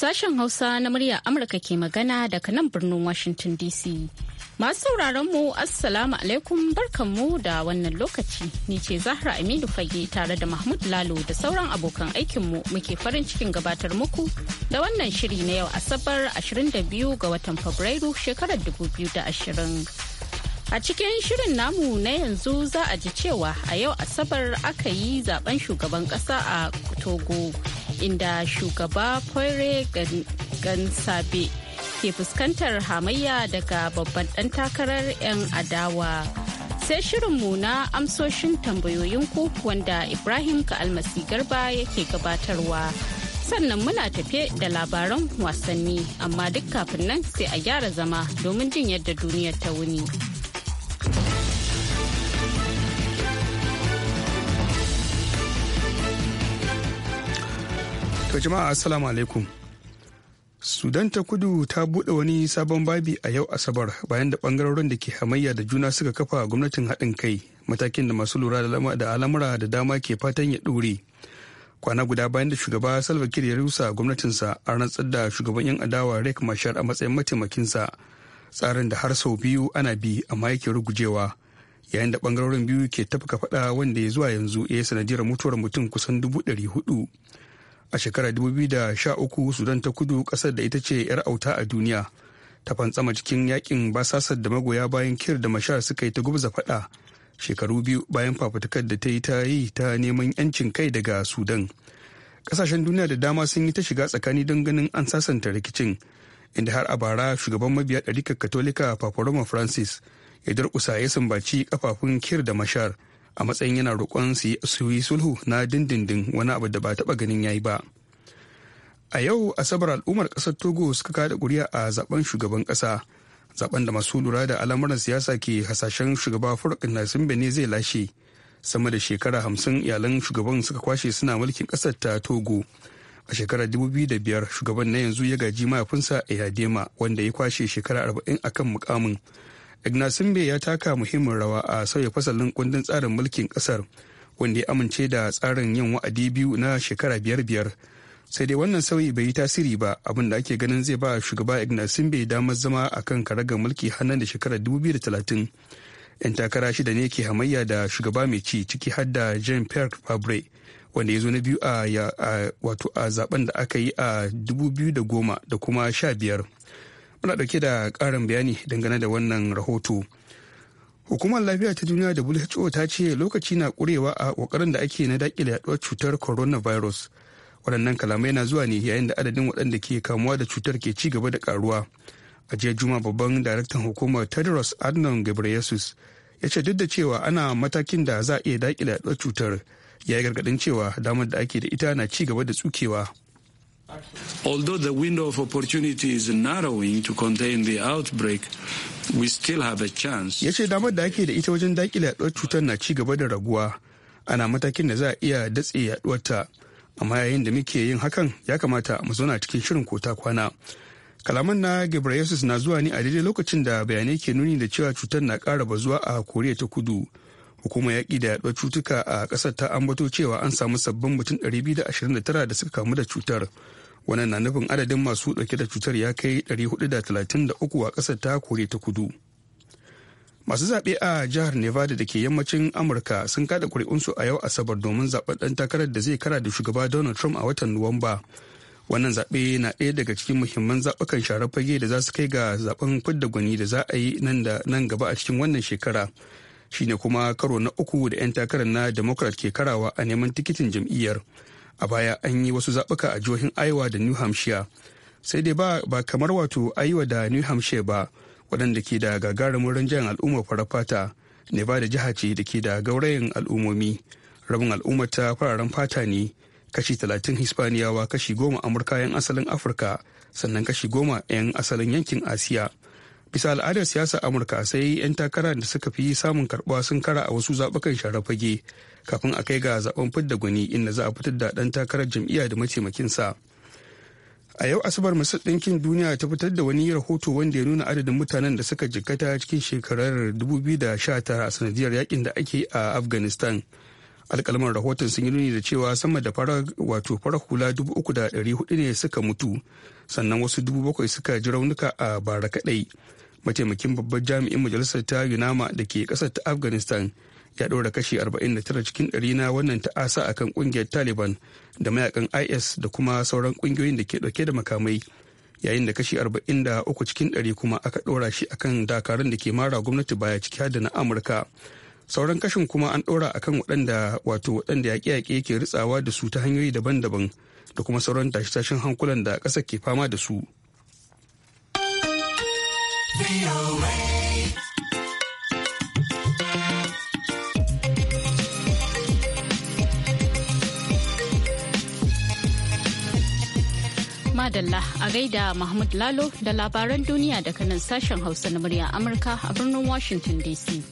Sashen Hausa na muryar Amurka ke magana daga nan birnin Washington DC. Masu sauraron mu Assalamu alaikum barkanmu da wannan lokaci. Ni ce Zahra Aminu Fage tare da Mahmud Lalo da sauran abokan aikinmu muke farin cikin gabatar muku da wannan shiri na yau Asabar 22 ga watan Fabrairu shekarar 2020. A cikin shirin namu na yanzu za a ji cewa a yau Asabar aka yi zaben shugaban kasa a Togo inda shugaba Poire Gansabe ke fuskantar hamayya daga babban ɗan takarar 'yan adawa. Sai shirinmu na amsoshin tambayoyinku wanda Ibrahim Ka'almasi Garba yake gabatarwa. Sannan muna tafe da labaran wasanni amma duk kafin nan sai a gyara zama domin jin yadda duniyar ta wuni. To jama'a assalamu alaikum. Sudan ta kudu ta buɗe wani sabon babi a yau Asabar bayan da ɓangarorin da ke hamayya da juna suka kafa gwamnatin haɗin kai matakin da masu lura da al'amura da dama ke fatan ya ɗore. Kwana guda bayan da shugaba Salva Kiir ya rusa gwamnatinsa a rantsar da shugaban 'yan adawa rek Mashar a matsayin mataimakinsa tsarin da har sau biyu ana bi amma yake rugujewa. yayin da bangarorin biyu ke tafka faɗa wanda ya zuwa yanzu ya yi sanadiyar mutuwar mutum kusan dubu ɗari hudu a shekarar 2013 sudan ta kudu kasar da ita ce 'yar auta a duniya ta fantsama cikin yakin basasar da magoya bayan kir da mashar suka yi ta gubza fada shekaru biyu bayan fafutukar da ta yi ta yi ta neman yancin kai daga sudan kasashen duniya da dama sun yi ta shiga tsakani don ganin an sasanta rikicin inda har a bara shugaban mabiya ɗarikar katolika papa francis ya durƙusa ya sumbaci kafafun kir da mashar a matsayin yana roƙon su yi sulhu na dindindin wani abu da ba taɓa ganin ya yi ba a yau asabar al'ummar ƙasar togo suka kada ƙuri'a a zaben shugaban ƙasa zaben da masu lura da al'amuran siyasa ke hasashen shugaba furkan nasin bene zai lashe sama da shekara hamsin iyalan shugaban suka kwashe suna mulkin ƙasar ta togo a shekarar biyar shugaban na yanzu ya gaji mahaifinsa a yadema wanda ya kwashe shekara arba'in akan mukamin ignasimbe ya taka muhimmin rawa a sauya fasalin kundin tsarin mulkin kasar wanda ya amince da tsarin yin wa'adi biyu na shekara biyar biyar sai dai wannan sauyi bai yi tasiri ba abin da ake ganin zai ba shugaba ignasimbe damar zama a kan karagar mulki hannun da shekarar 2030 'yan takara shida ne ke hamayya da shugaba mai ci ciki har da jean pierre fabre wanda ya zo na biyu a wato a zaben da aka yi a 2010 da kuma 15 muna dauke da karin bayani dangane da wannan rahoto hukumar lafiya ta duniya who ta ce lokaci na kurewa a ƙoƙarin da ake na dakile yaɗuwar cutar coronavirus waɗannan kalamai na zuwa ne yayin da adadin waɗanda ke kamuwa da cutar ke ci gaba da karuwa a jiya juma babban daraktan hukumar tedros adnan ghebreyesus ya ce duk da cewa ana matakin da za a iya dakile yaduwar cutar ya yi gargaɗin cewa damar da ake da ita na ci gaba da tsukewa Although the window of opportunity is narrowing to contain the outbreak, we still have a chance. Ya ce damar da ake da ita wajen dakile yaduwar cutar na ci gaba da raguwa. Ana matakin da za a iya datse ta Amma yayin da muke yin hakan ya kamata mu zauna cikin shirin kota kwana. Kalaman na Ghebreyesus na zuwa ne a daidai lokacin da bayanai ke nuni da cewa cutar na kara bazuwa a Koriya ta Kudu. hukumar yaƙi da yaɗuwar cutuka a ƙasar ta ambato cewa an samu sabbin mutum 229 da suka kamu da cutar wannan na nufin adadin masu ɗauke da cutar ya kai 433 a ƙasar ta kore ta kudu masu zaɓe a jihar nevada da ke yammacin amurka sun kada ƙuri'unsu a yau asabar domin zaɓen ɗan takarar da zai kara da shugaba donald trump a watan nuwamba wannan zaɓe na ɗaya daga cikin muhimman zaɓukan sharar fage da za su kai ga zaɓen fidda gwani da za a yi nan gaba a cikin wannan shekara shine kuma karo na uku da 'yan takarar na democrat ke karawa a neman tikitin jam'iyyar a baya an yi wasu zaɓuka a jihohin iowa da new hampshire sai dai ba kamar wato iowa da new hampshire ba waɗanda ke da gagarumin rinjayen al'ummar farar fata ne da jiha ce da ke da gaurayen al'ummomi rabin al'ummar ta fararen fata ne kashi talatin hispaniyawa kashi goma amurka 'yan asalin afirka sannan kashi goma 'yan asalin yankin asiya bisa al'adar siyasa amurka sai 'yan takara da suka fi samun karbuwa sun kara a wasu zaɓukan share fage kafin a kai ga zaben fidda gwani inda za a fitar da ɗan takarar jam'iyya da mataimakin sa a yau asabar masu ɗinkin duniya ta fitar da wani rahoto wanda ya nuna adadin mutanen da suka jikkata cikin shekarar 2019 a sanadiyar yakin da ake a afghanistan alkalaman rahoton sun yi nuni da cewa sama da fara wato farar hula 3,400 ne suka mutu sannan wasu 7,000 suka ji raunuka a bara kadai mataimakin babbar jami'in majalisar ta yunama da ke kasar ta afghanistan ya ɗora kashi 49 cikin ɗari na wannan ta'asa akan ƙungiyar taliban da mayakan is da kuma sauran ƙungiyoyin da ke ɗauke da makamai yayin da kashi 43 cikin ɗari kuma aka ɗora shi akan dakarun da ke mara gwamnati baya ciki da na amurka sauran kashin kuma an ɗora kan waɗanda wato waɗanda yaƙe-yaƙe ke ritsawa da su ta hanyoyi daban-daban da kuma sauran tashe-tashen hankulan da ƙasar ke fama da su. Madalla a gaida Mahmud Lalo da labaran duniya daga nan sashen Hausa na murya Amurka a birnin Washington DC.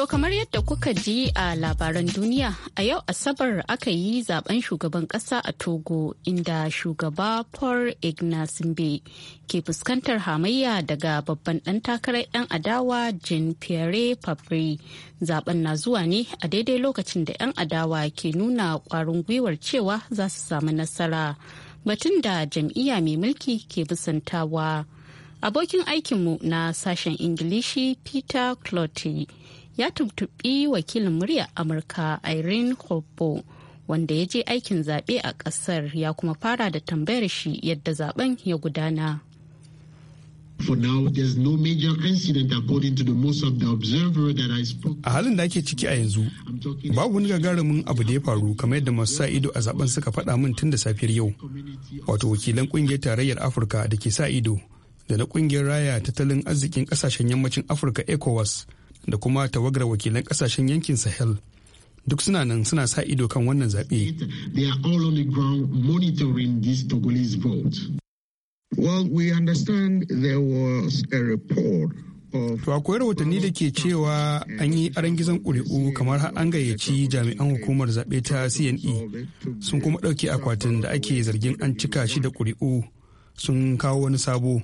To kamar yadda kuka ji a labaran duniya a yau Asabar aka yi zaben shugaban kasa a Togo inda shugaba Paul Ignasimbe ke fuskantar hamayya daga babban ɗan takarar 'yan adawa Jean Pierre Fabre. Zaben na zuwa ne a daidai lokacin da 'yan adawa ke nuna ƙwarin gwiwar cewa za su samu nasara. Batun da jam'iyya mai mulki ke bisantawa. Abokin aikinmu na sashen Ingilishi Peter Clotty. ya tuntuɓi wakilin murya amurka irene hobo wanda ya je aikin zaɓe a ƙasar ya kuma fara da tambayar shi yadda zaben ya gudana A halin da ake ciki a yanzu, babu wani gagarumin abu da ya faru kamar yadda masu sa ido a zaben suka faɗa min tun da safiyar yau. Wato wakilan ƙungiyar tarayyar Afirka da ke sa ido da na ƙungiyar raya tattalin arzikin ƙasashen yammacin Afirka ECOWAS da kuma tawagar wakilan kasashen yankin sahel duk suna nan suna sa ido kan wannan zaɓe. To akwai rahotanni da ke cewa an yi gizon ƙuri'u kamar har an gayyaci jami'an hukumar zaɓe ta CNE sun kuma ɗauki akwatin da ake zargin an cika shi da ƙuri'u sun kawo wani sabo.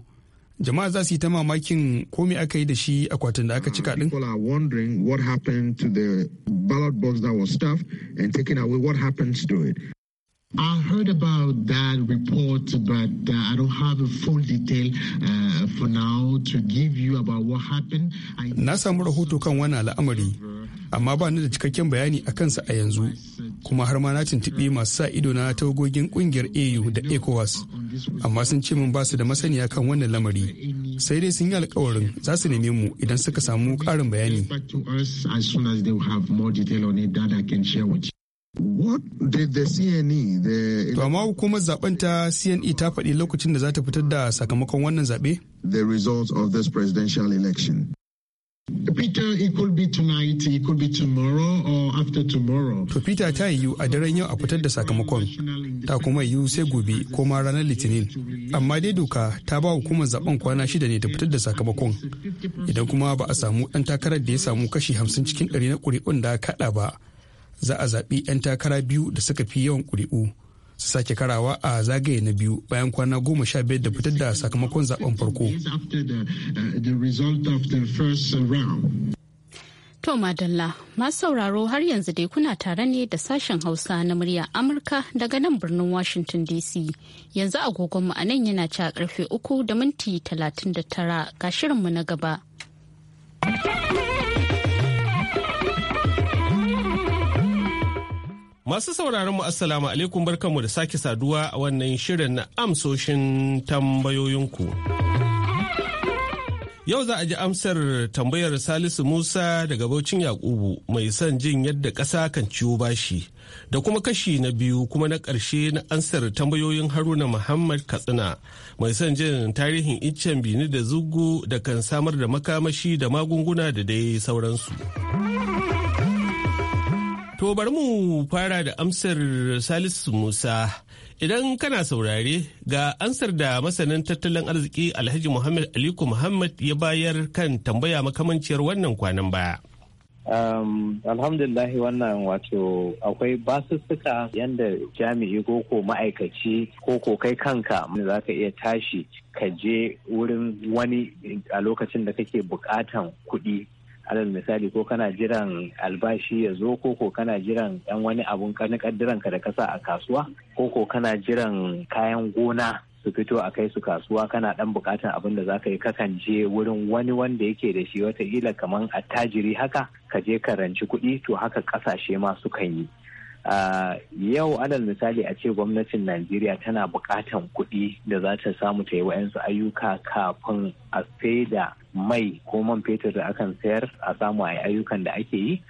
jama'a za su yi ta mamakin ko me aka yi da shi akwatin da aka cika ah, din I heard about that report, but uh, I don't have a full detail uh, for now to give you about what happened. I... Na samu rahoto kan wani al'amari, amma ba ni da cikakken bayani a kansa a yanzu kuma har ma na tuntuɓi masu sa ido na tawagogin ƙungiyar au da ecowas amma sun ce min basu su da masaniya kan wannan lamari sai dai sun yi alkawarin za su neme mu idan suka samu ƙarin bayani e, To amma hukumar zaben ta CNE ta faɗi lokacin da za ta fitar da sakamakon wannan zaɓe? The results of this presidential election. Peter, it could be tonight, it could be tomorrow or after tomorrow. To Peter ta yiwu a daren yau a fitar da sakamakon, ta kuma yiwu sai gobe ko ma ranar Litinin. Amma dai doka ta ba hukumar zaben kwana shida ne ta fitar da sakamakon. Idan kuma ba a samu ɗan takarar da ya samu kashi hamsin cikin ɗari na ƙuri'un da kaɗa ba, za a zaɓi 'yan takara biyu da suka fi yawan ƙuri'u. su sake karawa a zagaye na biyu bayan kwana goma sha biyar da fitar da sakamakon zaben farko. To Madalla, masu sauraro har yanzu dai kuna tare ne da sashen Hausa na murya Amurka daga nan birnin Washington DC. Yanzu agogonmu a nan yana ci a karfe uku da minti talatin da tara ga shirinmu na gaba. Masu sauraron mu assalamu alaikum barkanmu da sake saduwa a wannan shirin na amsoshin tambayoyinku. Yau za a ji amsar tambayar Salisu Musa daga Baucin Yakubu mai son jin yadda ƙasa kan ciwo bashi da kuma kashi na biyu kuma na ƙarshe na ansar tambayoyin Haruna Muhammad Katsina mai son jin tarihin iccen bini da zugu da kan samar da makamashi da magunguna da dai sauransu. To bari mu fara da amsar Salisu Musa. Idan kana saurare ga ansar da masanin tattalin arziki Alhaji Muhammad Aliko Muhammad ya bayar kan tambaya makamanciyar wannan kwanan baya. Um, alhamdulillah wannan wato akwai basussuka yadda jami'i ko ko ma'aikaci ko ko kai kanka za ka iya tashi ka je wurin wani a lokacin da kake bukatan kuɗi alal misali ko kana jiran albashi ya zo ko ko kana jiran yan wani abun na kaddiran ka da kasa a kasuwa ko ko kana jiran kayan gona su fito a kai su kasuwa kana dan bukatan abin da zaka yi kakan je wurin wani wanda yake da shi wataƙila kaman attajiri haka ka je ka ranci kuɗi to haka kasashe ma sukan yi yau alal misali a ce gwamnatin najeriya tana bukatan kuɗi da za ta samu ta yi wa'yansu ayyuka kafin a da mai ko man fetur da akan sayar a samu a ayyukan da ake yi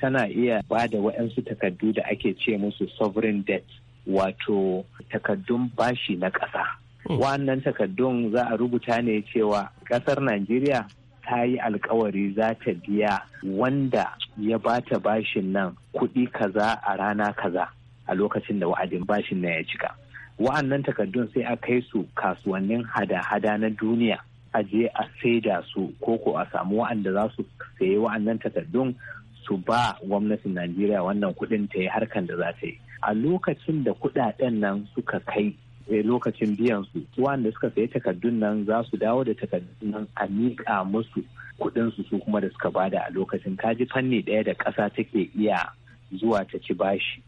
tana iya ba da wa'yansu takardu da ake ce musu sovereign debt wato takardun bashi na ƙasa. Hmm. Wannan takardun za a rubuta ne cewa ƙasar Najeriya ta yi alkawari za ta biya wanda ya ba ta bashin nan kuɗi kaza a rana kaza a lokacin da wa'adin bashin na ya cika wa'annan takardun sai a kai su kasuwannin hada-hada na duniya a je a saida su ko ko a samu wa'anda za su sayi wa'annan takardun su ba gwamnatin najeriya wannan kuɗin ta yi harkan da za ta yi a lokacin da kuɗaɗen nan suka kai Eh, lokacin biyan su wanda suka sayi takardun nan za su dawo da takardun nan a miƙa musu kuɗin su su kuma da suka bada a lokacin kaji fanni ɗaya da ƙasa take iya zuwa ta ci bashi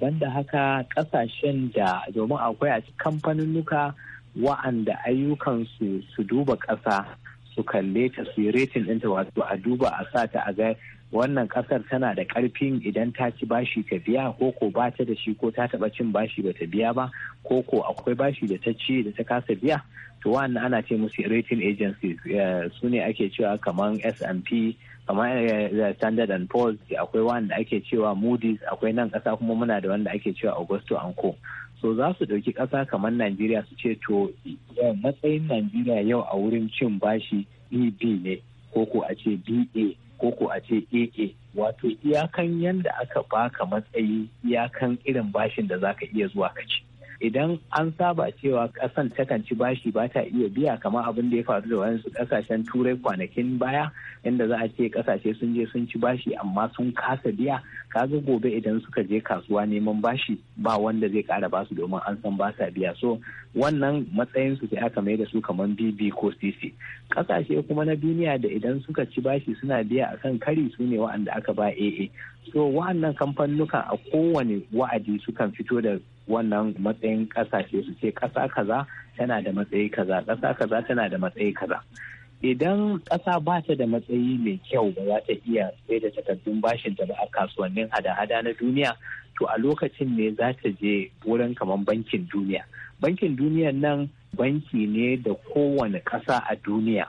banda haka ƙasashen da domin akwai a kamfanunuka wa'anda ayyukan su su duba ƙasa su kalle ta su yi retin ɗinta wato a duba a sa ta a ga wannan kasar tana da karfin idan ta ci bashi ta biya ko ko ba ta da shi ko ta taba cin bashi ba ta biya ba ko ko akwai bashi da ta ci da ta kasa biya to wannan ana ce musu rating agencies eh, su ne ake cewa kamar S&P kamar eh, Standard and Poor's akwai wanda ake cewa Moody's akwai nan kasa kuma muna da wanda ake cewa Augusto and Co. so za su ɗauki ƙasa kaman Najeriya su ce to eh, matsayin Najeriya yau a wurin cin bashi EB ne ko ko a ce BA Koko a ce keke eh, eh, wato iyakan yanda aka baka matsayi iyakan irin bashin da zaka iya zuwa ka ci idan an saba cewa kasan takan ci bashi ba ta iya biya kamar abin da ya faru da wani kasashen turai kwanakin baya inda za a ce kasashe sun je sun ci bashi amma sun kasa biya ka ga gobe idan suka je kasuwa neman bashi ba wanda zai kara basu domin an san ba sa biya so wannan matsayin su sai aka mai da su kamar bb ko cc kasashe kuma na duniya da idan suka ci bashi suna biya akan kari su ne wa'anda aka ba aa so wa'annan kamfanukan a kowane wa'adi sukan fito da wannan matsayin kasashe su ce ƙasa kaza tana da matsayi kaza ƙasa kaza tana da matsayi kaza idan ƙasa ba ta da matsayi mai kyau ba za ta iya sai da takardun bashin ta ba a kasuwannin hada-hada na duniya to a lokacin ne za ta je wurin kamar bankin duniya bankin duniya nan banki ne da kowane ƙasa a duniya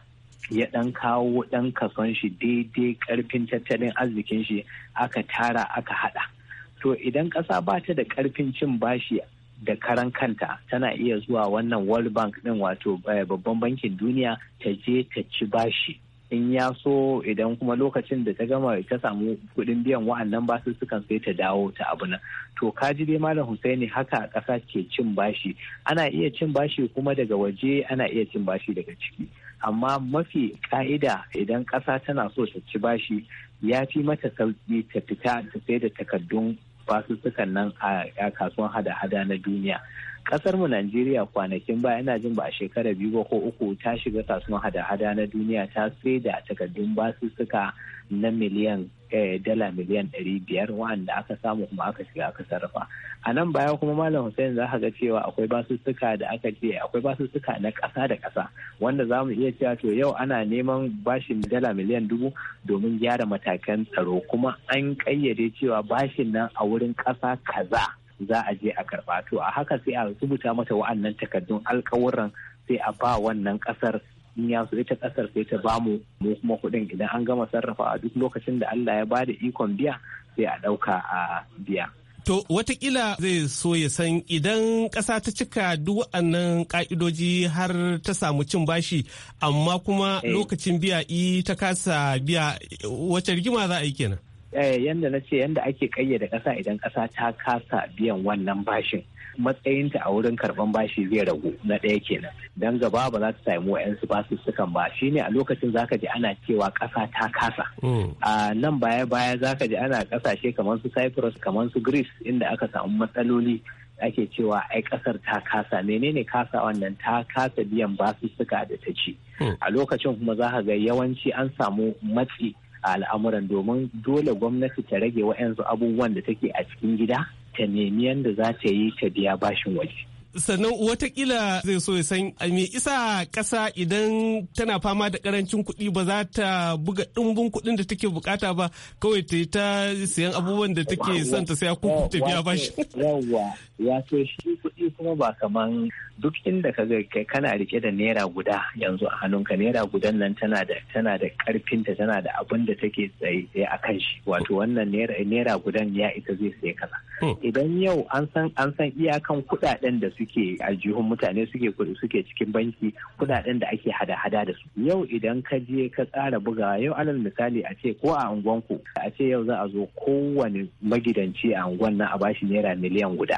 ya ɗan kawo ɗan kason shi daidai karfin tattalin arzikin shi aka tara aka haɗa. to idan ƙasa ba ta da ƙarfin cin bashi da karan kanta tana iya zuwa wannan world bank din wato eh, babban bankin duniya ta je ta ci bashi in ya so idan kuma lokacin da ta gama ta samu kudin biyan wa'annan basu sukan sai ta dawo ta abu nan to kaji dai malam husaini haka ƙasa ke cin bashi ana iya cin bashi kuma daga waje ana iya cin bashi daga ciki amma mafi ka'ida idan ƙasa tana so ta ci bashi ya fi mata sauki ta fita ta sai da takardun basussukan nan a kasuwan hada-hada na duniya kasar mu Najeriya kwanakin baya yana jin ba a shekara biyu ba ko uku ta shiga kasuwan hada-hada na duniya ta saida takardun basussuka na miliyan Eh, dala miliyan ɗari biyar wa'anda aka samu kuma aka shiga aka sarrafa a nan baya kuma malam hussein za ka ga cewa akwai basussuka da aka ce akwai basussuka na ƙasa da ƙasa wanda za mu iya cewa to yau ana neman bashin dala miliyan dubu domin gyara matakan tsaro kuma an ƙayyade cewa bashin nan a wurin ƙasa kaza za a je a karɓa to a haka sai a rubuta mata wa'annan takardun alkawuran sai a ba wannan ƙasar duniya su ita kasar sai ta bamu mu kuma kuɗin idan an gama sarrafa a duk lokacin da Allah ya bada ikon biya sai a ɗauka a biya. To watakila zai so ya san idan ƙasa ta cika duk waɗannan ƙa'idoji har ta samu cin bashi amma kuma eh. lokacin biya i ta kasa biya wace rigima za a yi kenan. Eh, yanda na ce yanda ake ƙayyade ƙasa idan ƙasa ta kasa biyan wannan bashin matsayinta a wurin karban bashi zai ragu na ɗaya kenan dan gaba ba za ta samu wa'yansu basu sukan ba ne a lokacin zaka ji ana cewa ƙasa ta kasa mm. a nan baya baya zaka je ana ƙasashe kamar su Cyprus kamar su Greece inda aka samu matsaloli ake cewa ai kasar ta kasa menene kasa wannan ta kasa biyan basussuka da ta ci mm. a lokacin kuma za ka ga yawanci an samu matsi a al'amuran domin dole gwamnati ta rage wa'yansu abubuwan da take a cikin gida ta nemi yadda za ta yi ta biya bashin waje. sannan watakila zai so ya san me isa ƙasa idan tana fama da karancin kuɗi ba za ta buga ɗumbin kuɗin da take bukata ba kawai ta ta siyan abubuwan da take son ta saya ko ta biya bashi. yawwa wato shi kuɗi kuma ba kaman duk inda ka ga kai kana rike da naira guda yanzu a hannunka naira gudan nan tana da tana da karfin tana da abin da take tsaye tsaye a kan shi wato wannan naira gudan ya ita zai sai kaza hmm. idan yau an san an san iyakan kudaden da suke a jihun mutane suke suke cikin banki kudaden da ake hada hada da su yau idan ka je ka tsara bugawa yau alal misali a ce ko a unguwanku a ce yau za a zo kowane magidanci a unguwan nan a bashi naira miliyan guda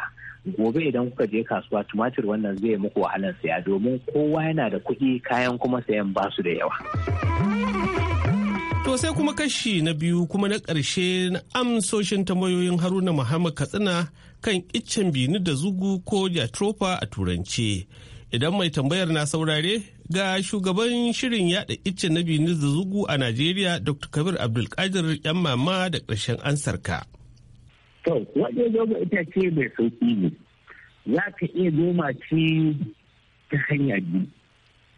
gobe idan kuka je kasuwa tumatir wannan zai zai muku wahalar saya domin kowa yana da kuɗi kayan kuma sayan su da yawa. To sai kuma kashi na biyu kuma na ƙarshe na amsoshin tambayoyin Haruna Muhammad Katsina kan iccen bini da zugu ko jatrofa a turance. Idan mai tambayar na saurare ga shugaban shirin yada iccen na bini da zugu a Najeriya Dr. Kabir Abdulkadir yan mama da ƙarshen ansarka. To, wajen zama itace mai sauƙi ne. za ka iya goma ce ta hanya biyu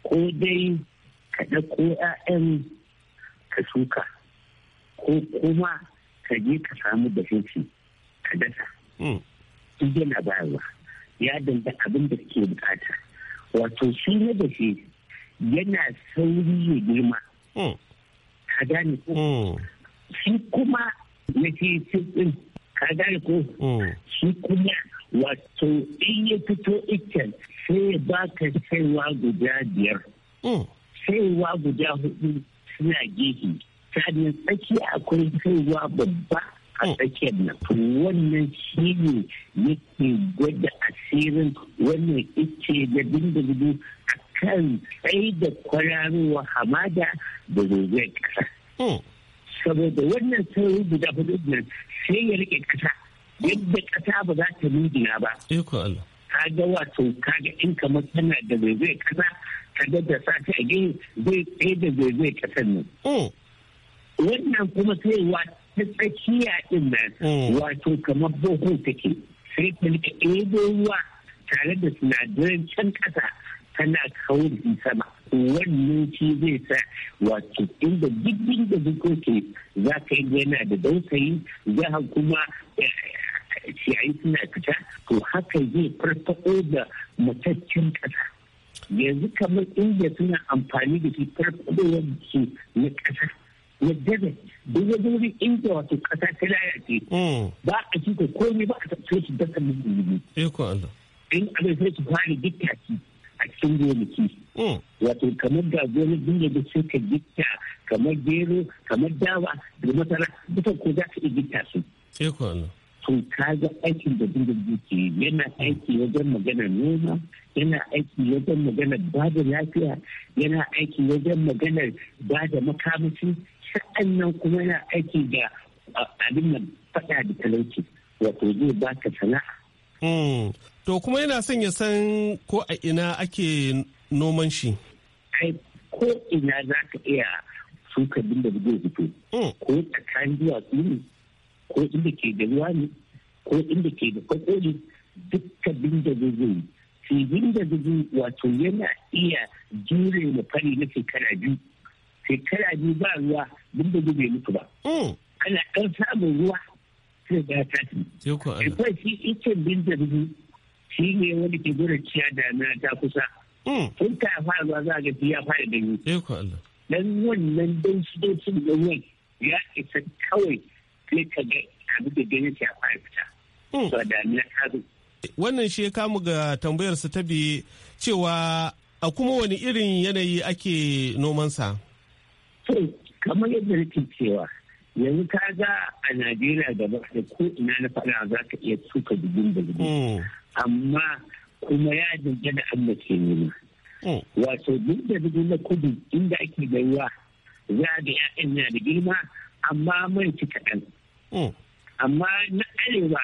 ko dai ka ɗauko 'ya'yan ka shuka ko kuma ka je ka samu da ka dasa hmm. shi yana bayarwa ya danda abin da ke bukata wato shi na da shi yana sauri ya girma hmm. ka gane ko hmm. shi kuma na ce ka gane ko shi kuma wato in ya fito iccen sai ya ka saiwa guda biyar mm. saiwa guda hudu suna gehe sannan tsaki akwai saiwa babba a mm. tsakiyar nan wannan shi ne yake gwada asirin wannan ike da dindirgu a kan tsaye da kwararowa hamada da zozayar kasa mm. saboda wannan sauri guda hudu sai ya rike kasa yadda kasa ba za ta nuna ba ka ga wato ka ga in kamar tana da zai kasa ka ga da sa ta again zai tsaye da zai ƙasar ne oh. wannan kuma sai wa ta tsakiya din nan oh. wato kamar boko take sai ta rika ɗebo ruwa tare da sinadaran can kasa tana kawo sama wannan ci zai sa wato inda duk inda ke za ka yi yana da dausayi za kuma eh, ciyayi suna fita to haka zai farfaɗo da mataccen ƙasa yanzu kamar inda suna amfani da shi farfaɗowar su na ƙasa na desert duk wani wuri inda wato ƙasa ta lalace hmm. ba a ko komai ba a tafiye shi dasa mugu in abin sai su fara dittaki a cikin gonaki hmm. wato kamar ga gonakin da sai ka gitta kamar gero kamar dawa da masara duka ko za ka iya gita su to ga aikin da dindin ke yana aiki wajen magana noma yana aiki wajen magana ba da lafiya yana aiki wajen magana ba da makamashi sa'annan kuma yana aiki da abin da faɗa da talauci wato zai baka sana'a. Hmm. to kuma yana son ya san ko a ina ake noman shi. ai ko ina za ka iya shuka dindin zai fito hmm. ko tsakanin duwatsu ne ko inda ke da ruwa ne ko inda ke da kwakwo ne dukkan da zai Binda da zai wato yana iya jure da fari na shekara biyu shekara biyu ba ruwa Binda da zai mutu ba oh. ana ɗan samun ruwa sai da ta ci akwai shi ikin bin da shi ne wani ke gura ciya da na ta kusa hmm. tun ta fara ruwa za a ga ya fara da yi dan wannan dan shi da ruwan ya isa kawai sai ka ga abu fita. So da na Wannan shi ya kamu ga tambayarsa ta biye cewa a kuma wani irin yanayi ake nomansa? To, kamar yadda nake cewa yanzu ka ga a Najeriya gaba da ko ina na faɗa za ka iya tuka dubin da dubu. Hmm. Amma kuma ya dinga da Allah ke nema. Hmm. Wato duk da dubu na kudu inda ake gaiwa za da 'ya'yan na da girma amma mai ci kaɗan. Mm. amma na arewa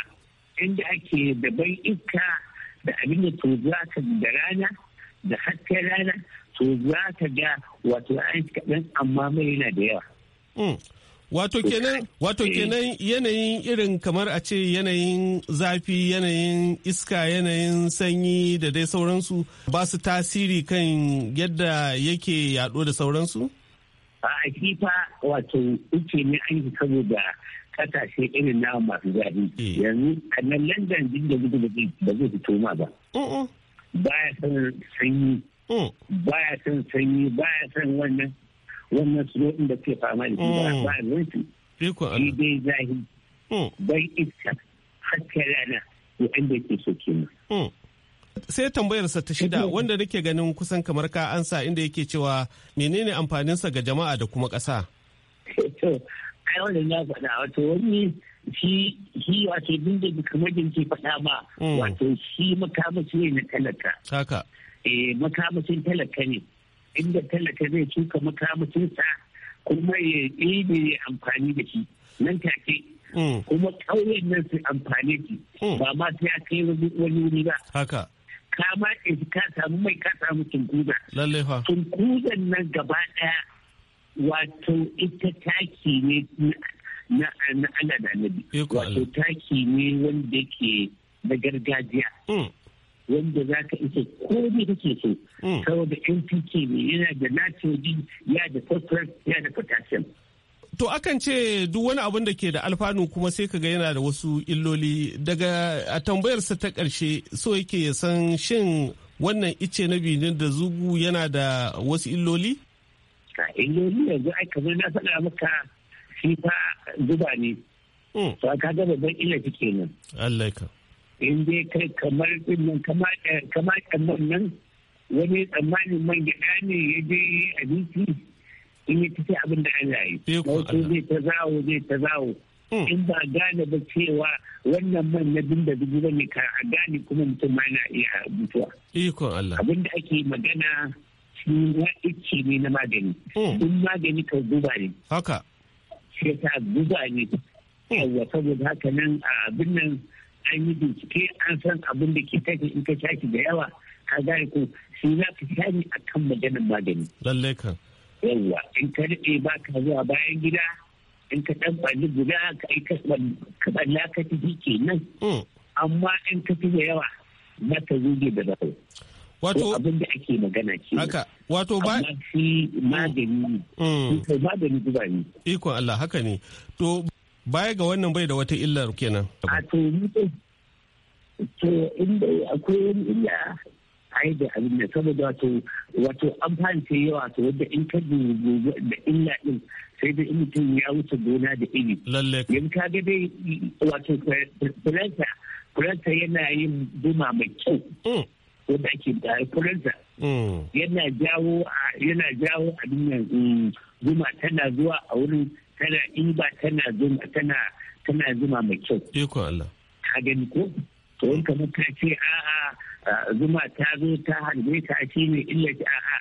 inda ake daban iska da abin da to za ka da rana da hasken rana to za ka ga wato an kaɗan amma mai yana da yawa. Mm. Wato kenan wato eh. kenan yanayin irin kamar a ce yanayin zafi yanayin iska yanayin sanyi da dai sauransu ba su tasiri kan yadda yake yaɗo da sauransu? A kifa wato uke ne an yi saboda kasashe irin na masu zaɓi eh. yanzu a nan london din da gudu ba zai fito ma ba baya son sanyi mm. baya son sanyi baya son wannan wannan suroɗin da ke fama da shi ba mm. a ruwansu shi dai zahi mm. bai iska hatta rana wanda ke so kenan sai tambayarsa ta shida wanda nake ganin kusan kamar ka ansa inda yake cewa menene amfaninsa ga jama'a da kuma ƙasa. ai wannan ya faɗa wato wani shi shi wato din da kamar majin ke faɗa ba mm. wato shi makamashi ne na talaka haka eh makamashin talaka ne inda talaka zai shuka sa kuma ya ɗebe amfani da shi nan take mm. kuma ƙauyen nan su amfani shi mm. ba ma sai kai wani wuri ba haka ka ma eh, ka samu mai ka samu tunkuza lallai fa tunkuzan nan gaba ɗaya wato ita taki ne na ana da nabi wato taki ne wanda ke na gargajiya hmm. wanda za ka isa komai kake so saboda hmm. npk ne yana da nitrogen ya da phosphorus ya da potassium To akan ce duk wani abin da ke da alfanu kuma sai ka ga yana da wasu illoli daga a tambayarsa ta ƙarshe so yake ya san shin wannan ice na binin da zugu yana da wasu illoli? illoli eh, yanzu ai kamar na faɗa maka shi fa zuba ne hmm. to ka ga babban illa take Allah ka in dai kai kamar din nan kamar eh, kamar nan wani tsammanin man gida ne ya je abinci in ya tafi abin da Allah yi wato zai ta zawo zai ta zawo hmm. in ba gane ba cewa wannan man na bin da dubu bane ka gane kuma mutum ma na iya mutuwa ikon Allah abin da ake magana shi na ice ne na magani hmm. in magani ka guba ne haka sai ta guba ne yawa saboda haka nan a abin nan an yi bincike an san abin da ke take in ka tashi da yawa ka gane ko shi za ka shani a kan maganin magani lallai kan yawa in ka daɗe ba ka zuwa bayan gida in ka ɗan ɓalli guda ka yi ka ɓalla ka ke kenan hmm. amma in ka fi da yawa za ka zuge da zafi Wato abin da ake magana ke. Haka wato ba shi magani ko mm. magani zuba ne. Ikon Allah haka ne. To baya ga wannan bai da wata illa kenan. A to to inda akwai wani illa ai da abin da saboda wato wato amfani sai yawa to wanda in ka da illa din sai da mutum ya wuce gona da iri. Lalle. Yanzu ka ga dai wato kuranta eh, kuranta yana yin duma mai kyau. Mm. wanda ake da influenza yana jawo yana jawo a nan mm, zuma tana zuwa a wurin tana ba tana zuma tana tana zuma mai kyau iko Allah ka gani ko to in ka muka ce a zuma ta zo ta harbe ta shi ne illa a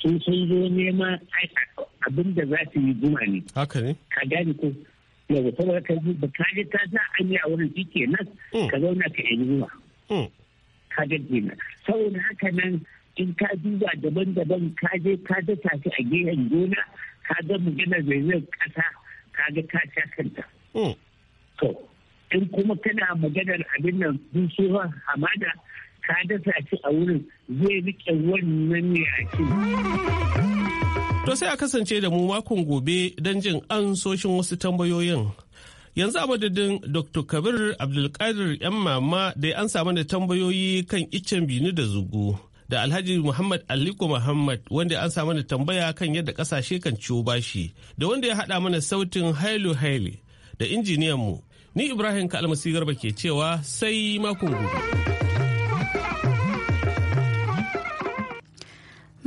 sun sun zo nema abin da za su yi zuma ne haka ne ka gani ko yau saboda ka ji ka ji ta za a yi a wurin shi kenan mm. ka zauna ka yi zuma mm. kajin dina saboda haka nan in ka duba daban-daban ka je ka ta shi a gehen gona ka ga maganar zaizayar kasa ka ga ka sha kanta. Hmm. To, in kuma kana maganar abin nan dusowar hamada ka da shi a wurin zai riƙe wannan ne a To sai a kasance da mu makon gobe don jin an soshin wasu tambayoyin yanzu a madadin dr kabir abdulkadir yan mama da an samu da tambayoyi kan iccen bini da zugu da alhaji muhammad aliko muhammad wanda an samu da tambaya kan yadda kasashe kan ciwo bashi da wanda ya haɗa mana sautin hailu haile da injiniyan mu ni ibrahim kalmasi garba ke cewa sai makon gudu.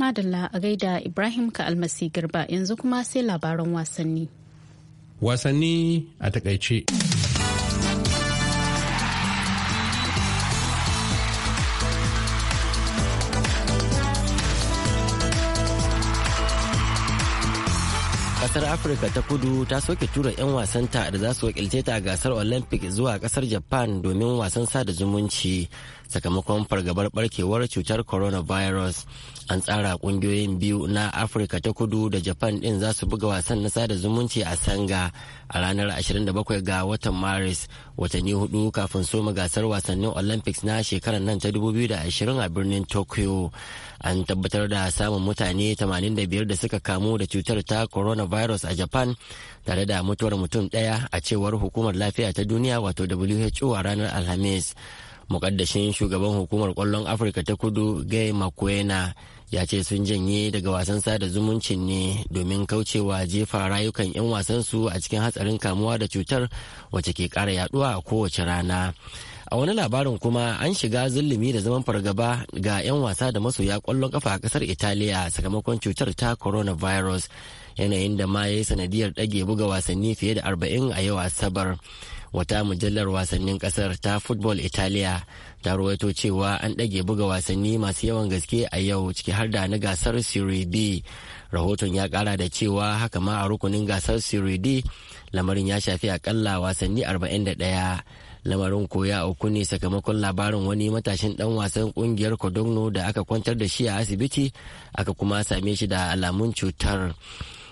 madalla a gaida ibrahim ka almasi garba yanzu kuma sai labaran wasanni wasanni a takaice. kasar afirka ta kudu ta soke tura 'yan wasanta da za su wakilce ta gasar olympic zuwa kasar japan domin wasan sada zumunci sakamakon fargabar barkewar cutar coronavirus an tsara kungiyoyin biyu na afirka ta kudu da japan din za su buga wasan na sada zumunci a sanga a ranar 27 ga watan maris watanni hudu kafin soma gasar wasannin olympics na shekarar nan ta 2020 a birnin tokyo an tabbatar da samun mutane 85 da suka kamu da cutar ta coronavirus a japan tare da mutuwar mutum daya a cewar hukumar lafiya ta duniya wato who a ranar alhamis mukaddashin shugaban hukumar kwallon afirka ta kudu gay makwena ya ce sun janye daga wasan sada zumuncin ne domin kaucewa jefa rayukan 'yan wasansu a cikin hatsarin kamuwa da cutar wacce ke kara yaduwa a kowace rana a wani labarin kuma an shiga zulumi da zaman fargaba ga 'yan wasa da masoya kwallon kafa a kasar italiya sakamakon cutar ta coronavirus yanayin da ma ya yi sanadiyar ɗage buga wasanni fiye da arba'in a yau asabar wata mujallar wasannin kasar ta football italiya ta ruwaito cewa an ɗage buga wasanni masu yawan gaske a yau ciki har da na gasar siri b rahoton ya kara da cewa haka ma a rukunin gasar siri d lamarin ya shafi akalla wasanni 41 lamarin koya uku ne sakamakon labarin wani matashin dan wasan kungiyar kodogno da aka kwantar da shi a asibiti aka kuma same shi da alamun cutar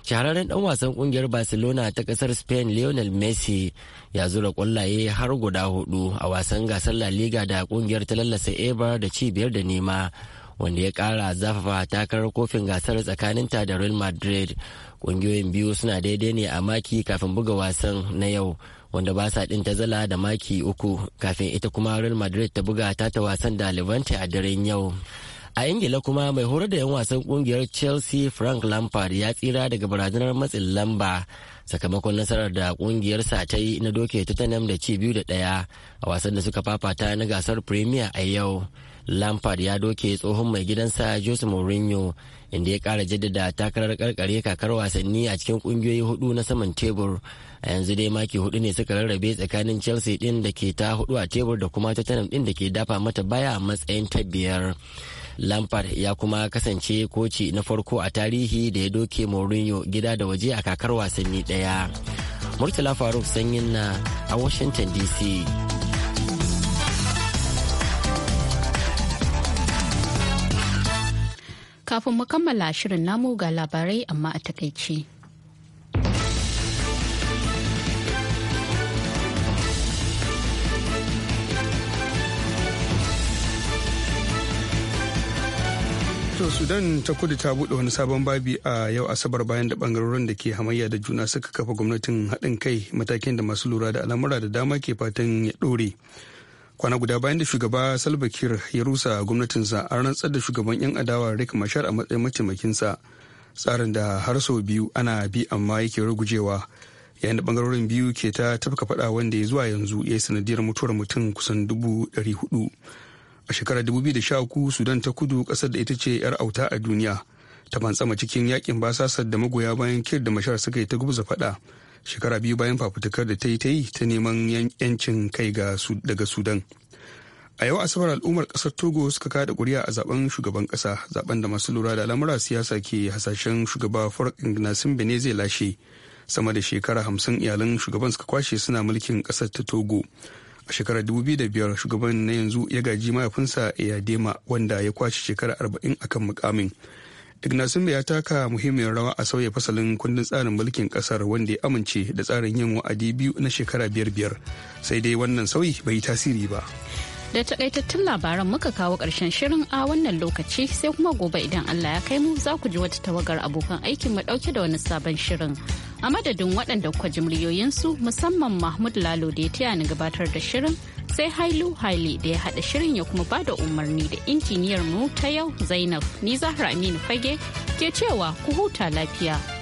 shahararren dan wasan kungiyar barcelona ta kasar spain lionel messi ya zura kwallaye har guda hudu a wasan gasar la liga da kungiyar ta lallasa ebar da cibiyar da nema wanda ya kara zafafa takarar kofin gasar tsakaninta da real madrid kungiyoyin biyu suna daidai ne a maki kafin buga wasan na yau wanda ba sa ɗin tazala da maki uku kafin ita kuma real madrid ta buga tata wasan da levante a daren yau a ingila kuma mai horar da 'yan wasan kungiyar chelsea frank lampard ya tsira daga barazanar matsin lamba sakamakon nasarar da kungiyarsa ta yi na doke tottenham da ci biyu da ɗaya a wasan da suka fafata na gasar premier a yau lampard ya doke tsohon mai gidansa jose mourinho inda ya kara jaddada takarar karkare kakar wasanni a cikin kungiyoyi hudu na saman tebur a yanzu dai maki hudu ne suka rarrabe tsakanin chelsea din da ke ta hudu a tebur da kuma tottenham din da ke dafa mata baya a matsayin ta biyar Lampard ya kuma kasance koci na farko a tarihi da ya doke Mourinho gida da waje a kakar wasanni ɗaya. Murtala Faruk sanyin na a Washington DC. Kafin mu kammala shirin namu ga labarai amma a takaice. To Sudan ta kudu ta bude wani sabon babi a yau Asabar bayan da bangarorin da ke hamayya da juna suka kafa gwamnatin haɗin kai matakin da masu lura da al'amura da dama ke fatan ya ɗore. Kwana guda bayan da shugaba Salva ya rusa gwamnatinsa a rantsar da shugaban 'yan adawa Rick Mashar a matsayin mataimakinsa tsarin da har sau biyu ana bi amma yake rugujewa yayin da bangarorin biyu ke ta tafka faɗa wanda ya zuwa yanzu ya yi sanadiyar mutuwar mutum kusan dubu ɗari hudu. a shekarar 2013 sudan ta kudu kasar da ita ce 'yar auta a duniya ta fantsama cikin yakin basasar da magoya bayan kir da mashar suka yi ta gubza fada shekara biyu bayan fafutukar da ta yi ta yi ta neman yancin kai daga sudan a yau asabar al'ummar kasar togo suka kada kuri'a a zaben shugaban kasa zaben da masu lura da al'amura siyasa ke hasashen shugaba fork ignasin bene zai lashe sama da shekara hamsin iyalan shugaban suka kwashe suna mulkin kasar ta togo a shekarar biyar shugaban na yanzu ya gaji mahaifinsa ya dema wanda ya kwashe shekara 40 akan mukamin ignasun ya taka muhimmiyar rawa a sauya fasalin kundin tsarin mulkin kasar wanda ya amince da tsarin yin wa'adi biyu na shekara biyar biyar sai dai wannan sauyi bai tasiri ba da takaitattun labaran muka kawo karshen shirin a wannan lokaci sai kuma gobe idan allah ya kai mu za ku ji wata tawagar abokan aikin mu ɗauke da wani sabon shirin a madadin waɗanda kwa jimriyoyinsu musamman mahmud lalo da ya taya ni gabatar da shirin sai hailu haile da ya haɗa shirin ya kuma bada umarni da injiniyar mu ta yau zainab ni zahra aminu fage ke cewa ku huta lafiya.